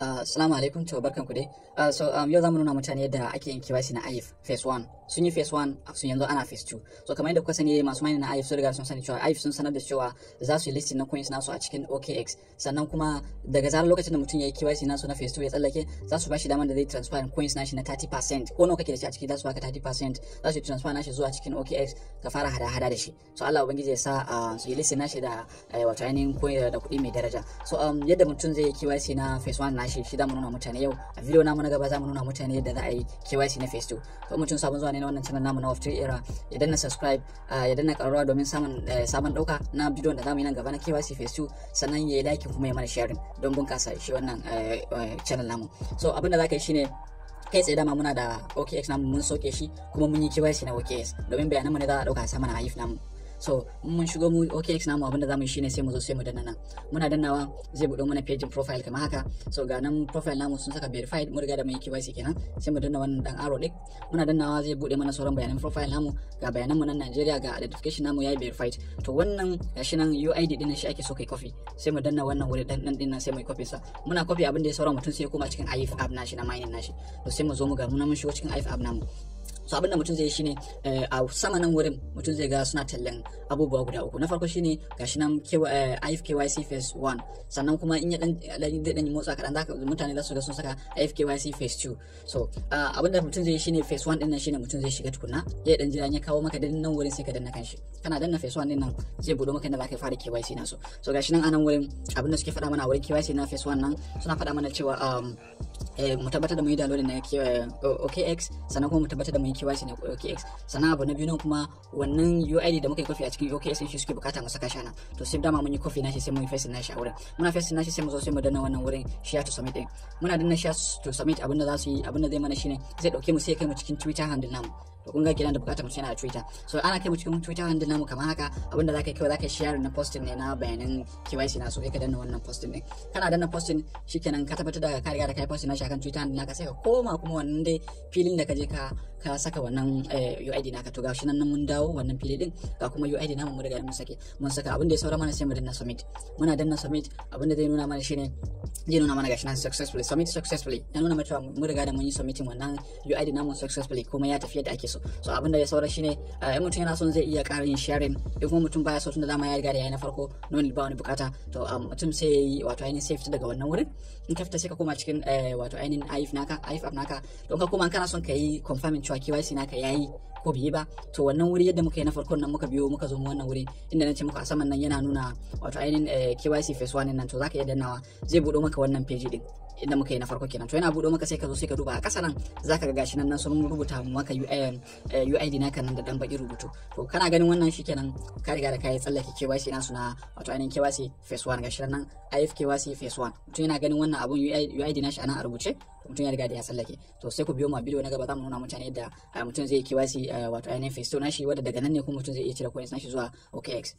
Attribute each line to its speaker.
Speaker 1: Uh, Assalamu alaikum to barkanku dai. Uh, so um, yau zamu nuna mutane yadda ake yin kibashi na AIF phase 1. Sun yi phase 1 sun yanzu ana phase 2. So kamar yadda kuka sani masu mai na AIF sun riga sun sani cewa AIF sun sanar da cewa za su yi listing na coins nasu a cikin OKX. Sannan kuma daga zarar lokacin da mutum ya yi kibashi nasu na phase 2 ya tsallake za su bashi damar da zai transfer coins nashi na 30% ko nawa kake da shi a ciki za su baka 30% za su transfer nashi zuwa cikin OKX ka fara hada hada da shi. So Allah ubangiji ya sa uh, su yi listing nashi da eh, wato ainihin coin da kuɗi mai daraja. So um, yadda mutum zai yi kibashi na phase 1 na ma'ana shi shi za mu nuna mutane yau a video namu na gaba za mu nuna mutane yadda za a yi KYC na phase 2 to mutum sabon zuwa ne na wannan channel namu na Waftir Era ya danna subscribe ya danna karuwa domin samun eh, sabon dauka na video da za mu yi nan gaba na KYC phase 2 sannan ya yi like kuma ya mana sharing don bunkasa shi wannan eh, eh, channel namu so abin da za ka yi shine kai tsaye dama muna da OKX namu mun soke shi kuma mun yi KYC na OKX domin bayanan mu ne za a dauka sama na hayif namu so mun shigo mu OKX mu abinda zamu yi shine sai mu zo sai mu danna nan muna dannawa zai buɗo mana page profile kamar haka so ga nan profile namu sun saka verified mun riga da mun yi KYC kenan sai mu danna wannan dan arrow din muna dannawa zai buɗe mana sauran bayanan profile namu ga bayanan mu na Nigeria ga identification namu yayi verified to wannan gashi nan UID din shi ake so kai copy sai mu danna wannan wuri dan dan din nan sai mu copy sa muna copy abinda ya sauran mutum sai ya koma cikin IF app nashi na mining nashi to sai mu zo mu ga mun shigo cikin IF app namu so abinda da mutum zai yi shine eh, a sama nan wurin mutum zai ga suna tallan abubuwa guda uku na farko shine gashi nan eh, IFKYC phase 1 sannan kuma in ya dan dan motsa kadan zaka mutane za su ga sun saka IFKYC phase 2 so abinda da mutum zai yi shine phase 1 din nan shine mutum zai shiga tukunna ya dan jira ya kawo maka dan nan wurin sai ka danna kanshi kana danna phase 1 din nan zai budo maka inda zaka fara KYC na so so gashi nan anan wurin abinda da suke faɗa mana wurin KYC na phase 1 nan suna faɗa mana cewa um, Eh, mu tabbatar da mu yi downloading na eh, OKX sannan kuma mu tabbatar da mu yi KYC na OKX sannan abu na biyu nan kuma wannan UID da muka yi kofi a cikin OKX shi suke bukata mu saka shana to sai dama mun yi na nashi sai mun yi face nashi a wurin muna face nashi sai mu zo sai mu danna wannan wurin share to submit din muna danna share to submit abin da za su yi abin da zai mana shine zai dauke mu sai kai mu cikin Twitter handle namu to kun ga kenan da bukatar mutum yana da twitter so ana kai mu cikin twitter handle namu kamar haka abinda zaka kai zaka share na posting ne na bayanan KYC na so kai ka danna wannan posting ne kana danna posting shikenan ka tabbatar da ka riga da kai posting na shakan twitter handle naka sai ka koma kuma wannan dai filin da ka je ka ka saka wannan eh, UID naka to gashi nan mun dawo wannan fili din ga kuma UID namu mu riga mun sake mun saka abinda ya saura mana sai mu danna submit muna danna submit abinda zai nuna mana shine zai nuna mana gashi nan successfully submit successfully ya nuna mana cewa mun riga da mun yi submitting wannan UID namu successfully kuma ya tafi yadda ake su so abin da ya saura shine eh, in mutum yana son zai iya ƙara yin sharing in kuma mutum baya so tun da dama ya riga da yayi na farko non ba wani bukata to um, mutum sai ya yi wato ainihin safety daga wannan wurin in ka fita sai ka koma cikin eh, wato ainihin aif naka aif app naka don ka koma kana son ka yi confirming cewa KYC naka yayi ko bai yi ba to wannan wuri yadda muka yi na farkon nan muka biyo muka zo mu wannan wuri inda nace muku a saman nan yana nuna wato ainihin eh, KYC face one nan to zaka iya dannawa zai buɗo maka wannan page din inda muka yi na farko kenan to yana buɗo maka sai ka zo sai ka duba a ƙasa nan zaka ga gashi nan nan sun rubuta maka UID eh, eh, naka nan da dan baki rubutu to kana ganin wannan shikenan ka riga da kai tsallake KYC nasu na wato ainihin KYC face one gashi nan IFKYC face one to yana ganin wannan abun UID nashi anan a rubuce mutum ya riga da ya sallake to sai ku biyo mu a bidiyo na gaba za mu nuna mutane yadda ah, mutum zai kiwasi ah, wato ainihin face to nashi wadda daga nan ne kuma mutum zai iya cire coins nashi zuwa OKX